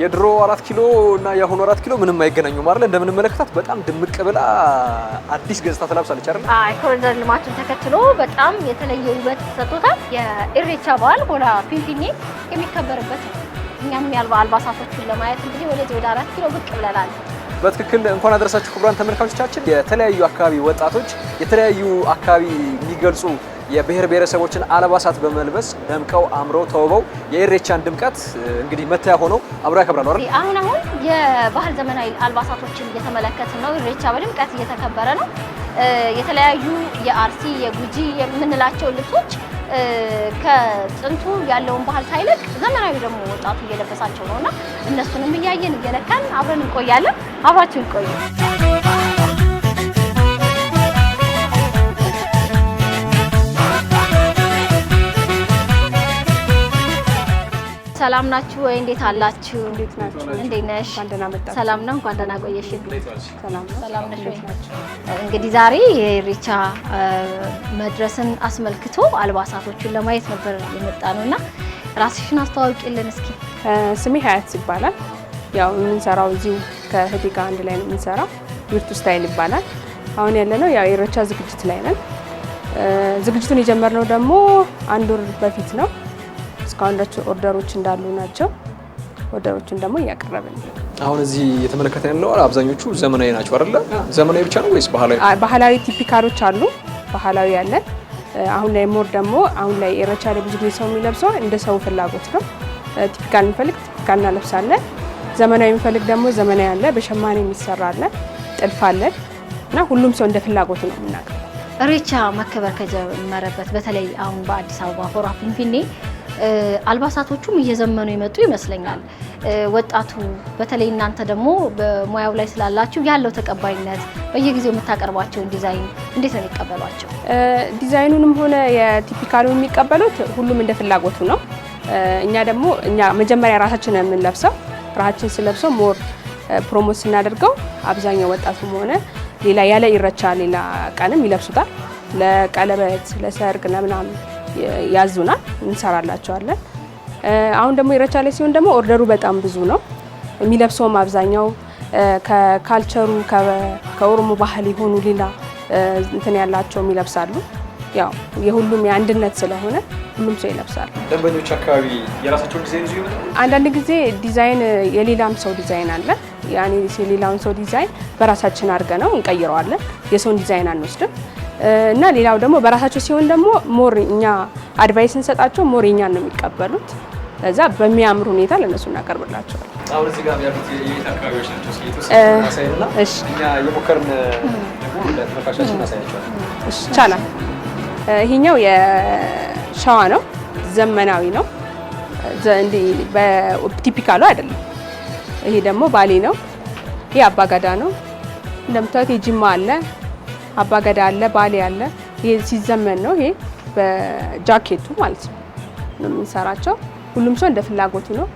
የድሮ አራት ኪሎ እና የአሁኑ አራት ኪሎ ምንም አይገናኙ ማለት እንደምንመለከታት በጣም ድምቅ ብላ አዲስ ገጽታ ትላብሳለች አይደል? አይ ኮሪደር ልማቱን ተከትሎ በጣም የተለየ ውበት ሰጥቶታል። የኢሬቻ በዓል ሆላ ፊንፊኔ የሚከበርበት እኛም ያልባ አልባሳቶችን ለማየት እንግዲህ ወደዚህ ወደ አራት ኪሎ ብቅ ብለናል። በትክክል እንኳን አደረሳችሁ ክቡራን ተመልካቾቻችን። የተለያዩ አካባቢ ወጣቶች የተለያዩ አካባቢ የሚገልጹ የብሔር ብሔረሰቦችን አልባሳት በመልበስ ደምቀው አምረው ተውበው የኢሬቻን ድምቀት እንግዲህ መታያ ሆነው አብረው ያከብራሉ አይደል? አሁን አሁን የባህል ዘመናዊ አልባሳቶችን እየተመለከት ነው። ኢሬቻ በድምቀት እየተከበረ ነው። የተለያዩ የአርሲ የጉጂ የምንላቸው ልብሶች ከጥንቱ ያለውን ባህል ሳይለቅ ዘመናዊ ደግሞ ወጣቱ እየለበሳቸው ነውና እነሱንም እያየን እየነካን አብረን እንቆያለን። አብራችሁ እንቆዩ። ሰላም ናችሁ ወይ? እንዴት አላችሁ? እንዴት ናችሁ? ነሽ? ሰላም ነው። እንኳን ደህና ቆየሽ። ሰላም ነሽ? እንግዲህ ዛሬ የኢሬቻ መድረስን አስመልክቶ አልባሳቶቹን ለማየት ነበር የመጣ ነው እና ራስሽን አስተዋውቂልን እስኪ። ስሜ ሀያት ይባላል። ያው የምንሰራው እዚሁ ከህዲ ጋር አንድ ላይ ነው የምንሰራው። ዩርቱ ስታይል ይባላል። አሁን ያለነው ያው የኢሬቻ ዝግጅት ላይ ነን። ዝግጅቱን የጀመርነው ደግሞ አንድ ወር በፊት ነው እስካሁን ኦርደሮች እንዳሉ ናቸው። ኦርደሮችን ደግሞ እያቀረብን አሁን እዚህ እየተመለከተ ያለው አብዛኞቹ ዘመናዊ ናቸው አይደለ? ዘመናዊ ብቻ ነው ወይስ ባህላዊ? ባህላዊ ቲፒካሎች አሉ። ባህላዊ ያለን አሁን ላይ ሞር ደግሞ አሁን ላይ ኢሬቻ ላይ ብዙ ጊዜ ሰው የሚለብሰው እንደ ሰው ፍላጎት ነው። ቲፒካል የሚፈልግ ቲፒካል እናለብሳለን። ዘመናዊ የሚፈልግ ደግሞ ዘመናዊ አለ። በሸማኔ የሚሰራ አለ፣ ጥልፍ አለን እና ሁሉም ሰው እንደ ፍላጎቱ ነው የምናውቀው። ኢሬቻ መከበር ከጀመረበት በተለይ አሁን በአዲስ አበባ ሆራ ፊንፊኔ አልባሳቶቹም እየዘመኑ የመጡ ይመስለኛል። ወጣቱ በተለይ እናንተ ደግሞ በሙያው ላይ ስላላችሁ ያለው ተቀባይነት በየጊዜው የምታቀርቧቸውን ዲዛይን እንዴት ነው የሚቀበሏቸው? ዲዛይኑንም ሆነ የቲፒካሉ የሚቀበሉት ሁሉም እንደ ፍላጎቱ ነው። እኛ ደግሞ እኛ መጀመሪያ ራሳችን የምንለብሰው ራሳችን ስለብሰው ሞር ፕሮሞት ስናደርገው አብዛኛው ወጣቱም ሆነ ሌላ ያለ ይረቻ ሌላ ቀንም ይለብሱታል ለቀለበት ለሰርግ ለምናምን ያዙናል፣ እንሰራላቸዋለን። አሁን ደግሞ ኢሬቻ ላይ ሲሆን ደግሞ ኦርደሩ በጣም ብዙ ነው። የሚለብሰውም አብዛኛው ከካልቸሩ ከኦሮሞ ባህል የሆኑ ሌላ እንትን ያላቸውም ይለብሳሉ። ያው የሁሉም የአንድነት ስለሆነ ሁሉም ሰው ይለብሳል። ደንበኞች አካባቢ የራሳቸውን ዲዛይን ይዞ ይመጣሉ። አንዳንድ ጊዜ ዲዛይን የሌላም ሰው ዲዛይን አለ። ያኔ የሌላውን ሰው ዲዛይን በራሳችን አድርገ ነው እንቀይረዋለን። የሰውን ዲዛይን አንወስድም። እና ሌላው ደግሞ በራሳቸው ሲሆን ደግሞ ሞር እኛ አድቫይስ እንሰጣቸው ሞር የኛን ነው የሚቀበሉት። ከዛ በሚያምር ሁኔታ ለእነሱ እናቀርብላቸዋል። አሁን እዚህ ጋር ያሉት የቤት አካባቢዎች ናቸው። እሺ እኛ የሞከርን ደግሞ ለተመልካቾች እናሳያቸዋለን። ይቻላል። ይሄኛው የሸዋ ነው፣ ዘመናዊ ነው። እንዲህ በቲፒካሉ አይደለም። ይሄ ደግሞ ባሌ ነው። ይሄ አባጋዳ ነው። እንደምታዩት የጅማ አለ አባገዳ አለ፣ ባሌ አለ። ይሄ ሲዘመን ነው። ይሄ በጃኬቱ ማለት ነው ነው የምንሰራቸው። ሁሉም ሰው እንደ ፍላጎቱ ነው።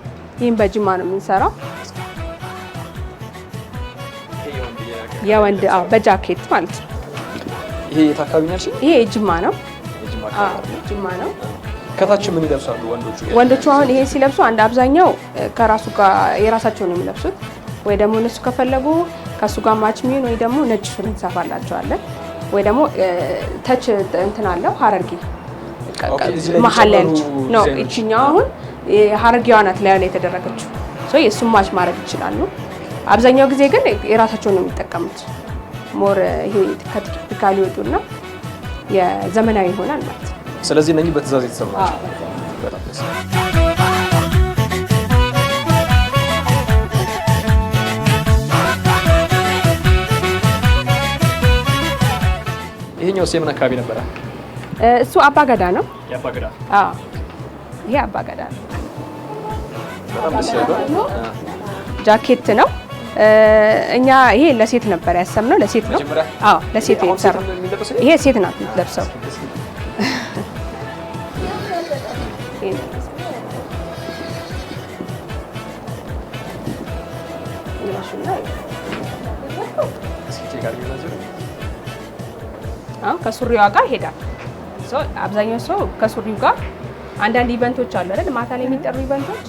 ይህም በጅማ ነው የምንሰራው። የወንድ አዎ፣ በጃኬት ማለት ነው። ይሄ የት አካባቢ ነው? ይሄ ጅማ ነው። ጅማ ነው። ከታች ምን ይለብሳሉ ወንዶቹ? ወንዶቹ አሁን ይሄ ሲለብሱ አንድ አብዛኛው ከራሱ ጋር የራሳቸው ነው የሚለብሱት ወይ ደግሞ እነሱ ከፈለጉ ከእሱ ጋር ማች የሚሆን ወይ ደግሞ ነጭ ሱሪ እንሰፋላቸዋለን። ወይ ደግሞ ተች እንትን አለው ሀረርጌ መሀል ላይ ያለች ነው እችኛው አሁን ሀረርጌዋ ናት ላይ ላይ የተደረገችው የእሱን ማች ማድረግ ይችላሉ። አብዛኛው ጊዜ ግን የራሳቸውን ነው የሚጠቀሙት። ሞር ይሄ ከቲፒካል ይወጡና የዘመናዊ ይሆናል ማለት። ስለዚህ እነኚህ በትእዛዝ የተሰማቸው ይሄኛው ሴ ምን አካባቢ ነበረ? እሱ አባገዳ ነው። ያባገዳ? አዎ፣ ይሄ አባገዳ ነው። በጣም ደስ ጃኬት ነው። እኛ ይሄ ለሴት ነበር ያሰብነው። ለሴት ነው። አዎ ለሴት የተሰራ ይሄ ሴት ናት የምትለብሰው። ከሱሪዋ ጋር ይሄዳል። አብዛኛው ሰው ከሱሪው ጋር አንዳንድ ኢቨንቶች አሉ አይደል? ማታ ላይ የሚጠሩ ኢቨንቶች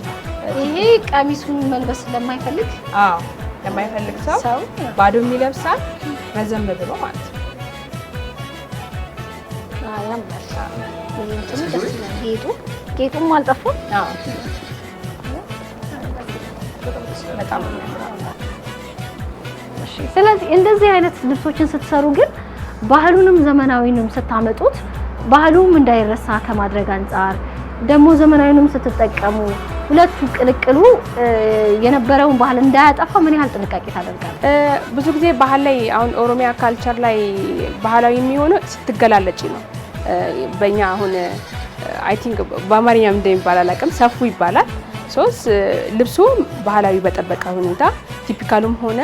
ይሄ ቀሚሱን መልበስ ለማይፈልግ አዎ፣ ለማይፈልግ ሰው ባዶ የሚለብሳል ረዘም ብሎ ማለት ነው። ጌጡም አልጠፋም። ስለዚህ እንደዚህ አይነት ልብሶችን ስትሰሩ ግን ባህሉንም ዘመናዊንም ስታመጡት ባህሉም እንዳይረሳ ከማድረግ አንጻር ደግሞ ዘመናዊንም ስትጠቀሙ ሁለቱ ቅልቅሉ የነበረውን ባህል እንዳያጠፋ ምን ያህል ጥንቃቄ ታደርጋል? ብዙ ጊዜ ባህል ላይ አሁን ኦሮሚያ ካልቸር ላይ ባህላዊ የሚሆነው ስትገላለጭ ነው። በእኛ አሁን አይ ቲንክ በአማርኛም እንደሚባል አላውቅም፣ ሰፉ ይባላል። ሶስ ልብሱ ባህላዊ በጠበቀ ሁኔታ ቲፒካሉም ሆነ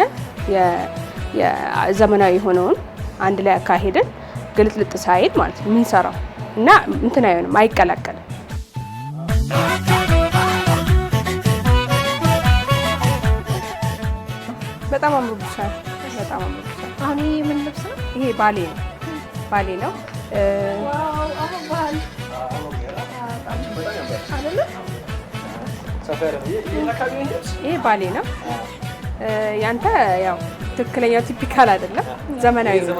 ዘመናዊ የሆነውን አንድ ላይ አካሄድን ግልጥልጥ ሳይል ማለት ነው የምንሰራው እና እንትን አይሆንም አይቀላቀልም። በጣም አምሮብሻል። በጣም አምሮብሻል። አሁን ይሄ ምን ልብስ ነው? ይሄ ባሌ ነው። ባሌ ነው። ይሄ ባሌ ነው። ያንተ ያው ትክክለኛው ቲፒካል አይደለም፣ ዘመናዊ ነው።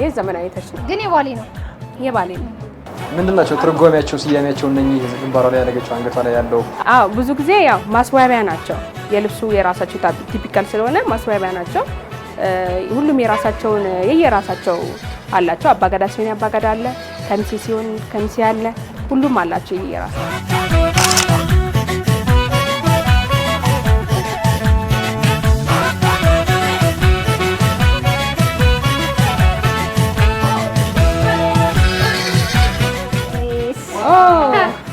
ይሄ ዘመናዊ ተች ነው፣ ግን የባሌ ነው። የባሌ ነው። ምንድን ናቸው ስያሜያቸው? እነኚህ ግንባሯ ላይ ያደረገችው አንገቷ ላይ ያለው? አዎ ብዙ ጊዜ ያው ማስዋቢያ ናቸው። የልብሱ የራሳቸው ቲፒካል ስለሆነ ማስዋቢያ ናቸው። ሁሉም የራሳቸውን የየራሳቸው አላቸው። አባገዳ ሲሆን አባገዳ አለ፣ ከሚሴ ሲሆን ከሚሴ አለ፣ ሁሉም አላቸው የየራሳቸው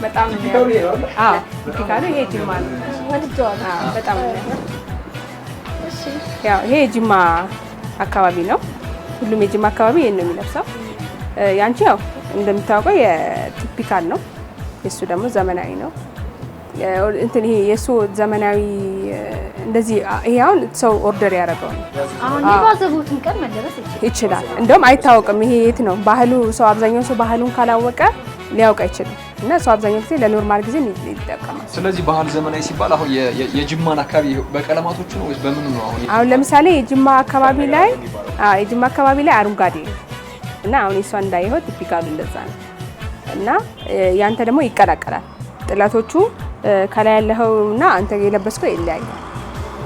በጣም አዎ፣ ይሄ ጅማ ነው። በጣም ያው ይሄ የጅማ አካባቢ ነው። ሁሉም የጅማ አካባቢ ይሄን ነው የሚለብሰው። ያንቺ ያው እንደምታውቀው የቲፒካል ነው፣ የእሱ ደግሞ ዘመናዊ ነው። እንትን ይሄ የእሱ ዘመናዊ እንደዚህ ይሄ አሁን ሰው ኦርደር ያደረገው ነው። ባዘቦትን ቀን መደረስ ይችላል። እንደውም አይታወቅም ይሄ የት ነው ባህሉ። ሰው አብዛኛው ሰው ባህሉን ካላወቀ ሊያውቅ አይችልም እና እሱ አብዛኛው ጊዜ ለኖርማል ጊዜ ይጠቀማል። ስለዚህ ባህል ዘመናዊ ሲባል አሁን የጅማን አካባቢ በቀለማቶቹ ነው ወይስ በምኑ ነው? አሁን አሁን ለምሳሌ የጅማ አካባቢ ላይ የጅማ አካባቢ ላይ አረንጓዴ እና አሁን የእሷ እንዳየኸው ቲፒካሉ እንደዛ ነው እና ያንተ ደግሞ ይቀላቀላል። ጥለቶቹ ከላይ ያለኸው እና አንተ የለበስከው ይለያያል።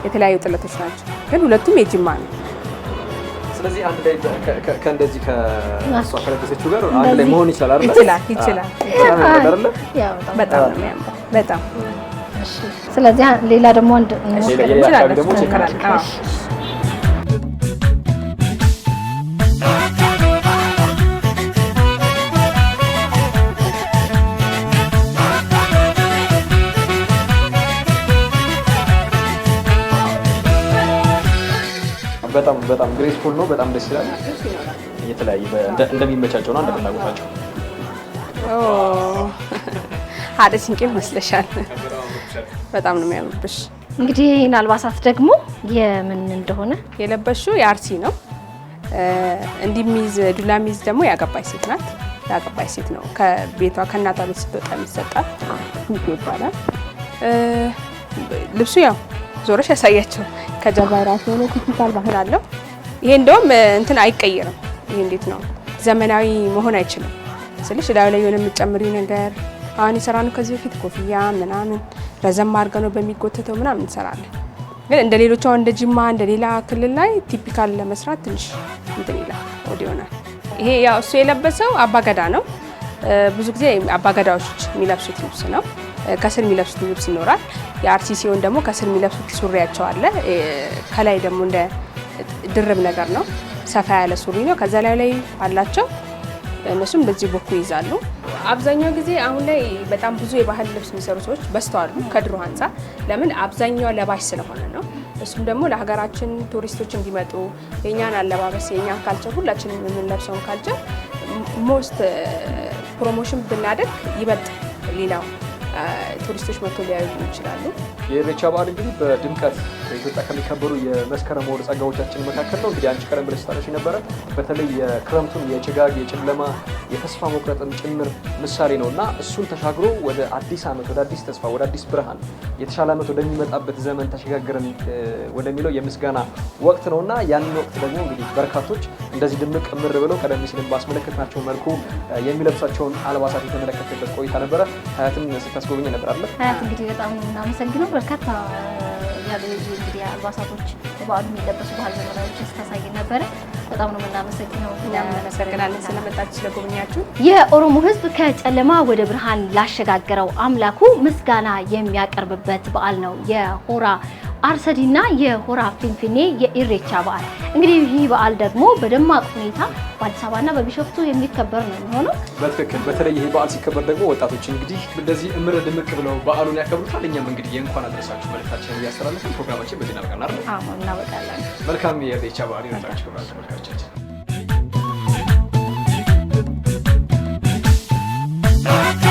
የተለያዩ ጥለቶች ናቸው፣ ግን ሁለቱም የጅማ ነው። ስለዚህ አንድ ላይ ከእንደዚህ ከእሷ ከለበሰችው ጋር አንድ ላይ መሆን ይችላል። ይችላል ይችላል። በጣም ስለዚህ ሌላ ደግሞ በጣም በጣም ግሬስፉል ነው። በጣም ደስ ይላል። የተለያየ እንደሚመቻቸው ነው እንደ ፍላጎታቸው። ሀደ ሲንቄ መስለሻል። በጣም ነው የሚያምርብሽ። እንግዲህ ይህን አልባሳት ደግሞ የምን እንደሆነ የለበሽው የአርሲ ነው። እንዲሚዝ ዱላሚዝ ደግሞ ያገባች ሴት ናት። ያገባች ሴት ነው ከቤቷ ከእናቷ ቤት ስትወጣ የሚሰጣት ይባላል ልብሱ ያው ዞረሽ ያሳያቸው። ከጀርባ የራሱ የሆነ ቲፒካል ባህል አለው። ይሄ እንደውም እንትን አይቀየርም። ይሄ እንዴት ነው ዘመናዊ መሆን አይችልም ስልሽ እላዩ ላይ የሆነ የምጨምሪ ነገር አሁን የሰራ ነው። ከዚህ በፊት ኮፍያ ምናምን ረዘም አድርገ ነው በሚጎተተው ምናምን እንሰራለን። ግን እንደ ሌሎቹ አሁን እንደ ጅማ እንደ ሌላ ክልል ላይ ቲፒካል ለመስራት ትንሽ እንትን ይላል ወደ ይሆናል። ይሄ ያው እሱ የለበሰው አባገዳ ነው። ብዙ ጊዜ አባገዳዎች የሚለብሱት ልብስ ነው። ከስር የሚለብሱት ልብስ ይኖራል። የአርሲ ሲሆን ደግሞ ከስር የሚለብሱት ሱሪያቸው አለ። ከላይ ደግሞ እንደ ድርብ ነገር ነው፣ ሰፋ ያለ ሱሪ ነው። ከዛ ላይ ላይ አላቸው። እነሱም በዚህ ቦኩ ይይዛሉ። አብዛኛው ጊዜ አሁን ላይ በጣም ብዙ የባህል ልብስ የሚሰሩ ሰዎች በስተዋሉ ከድሮ አንጻር። ለምን አብዛኛው ለባሽ ስለሆነ ነው። እሱም ደግሞ ለሀገራችን ቱሪስቶች እንዲመጡ የእኛን አለባበስ የእኛን ካልቸር ሁላችንም የምንለብሰውን ካልቸር ሞስት ፕሮሞሽን ብናደርግ ይበልጥ ሌላው ቱሪስቶች መጥቶ ሊያዩ ይችላሉ። የኢሬቻ በዓል እንግዲህ በድምቀት በኢትዮጵያ ከሚከበሩ የመስከረም ወር ጸጋዎቻችን መካከል ነው። እንግዲህ አንቺ ቀደም ብለሽ ነበረ። በተለይ የክረምቱን የጭጋግ የጨለማ የተስፋ መቁረጥን ጭምር ምሳሌ ነው እና እሱን ተሻግሮ ወደ አዲስ ዓመት ወደ አዲስ ተስፋ ወደ አዲስ ብርሃን የተሻለ ዓመት ወደሚመጣበት ዘመን ተሸጋግረን ወደሚለው የምስጋና ወቅት ነው እና ያንን ወቅት ደግሞ እንግዲህ በርካቶች እንደዚህ ድምቅ ምር ብለው ቀደም ሲልም ባስመለከትናቸው መልኩ የሚለብሳቸውን አልባሳት የተመለከተበት ቆይታ ነበረ። ሀያትን ታስጎበኝ ነበር ሀያት እንግዲህ በጣም እናመሰግነው። በርካታ ያሉ እንግዲህ አልባሳቶች በዓሉ የሚለበሱ ባህል ዘመናዎች ስታሳይ ነበረ። በጣም ነው የምናመሰግነው። እናመሰግናለን ስለመጣች ስለጎብኛችሁ። የኦሮሞ ሕዝብ ከጨለማ ወደ ብርሃን ላሸጋገረው አምላኩ ምስጋና የሚያቀርብበት በዓል ነው የሆራ አርሰዲና የሆራ ፊንፊኔ የኢሬቻ በዓል እንግዲህ ይህ በዓል ደግሞ በደማቅ ሁኔታ በአዲስ አበባና በቢሾፍቱ የሚከበር ነው የሚሆነው። በትክክል በተለይ ይህ በዓል ሲከበር ደግሞ ወጣቶች እንግዲህ እንደዚህ እምር ድምቅ ብለው በዓሉን ያከብሩታል። እኛም እንግዲህ የእንኳን አድረሳችሁ መልእክታችንን እያስተላለፍን ፕሮግራማችን በዚህ እናበቃለን። እናበቃለን። መልካም የኢሬቻ በዓል ይወጣችሁ ተመልካቾቻችን።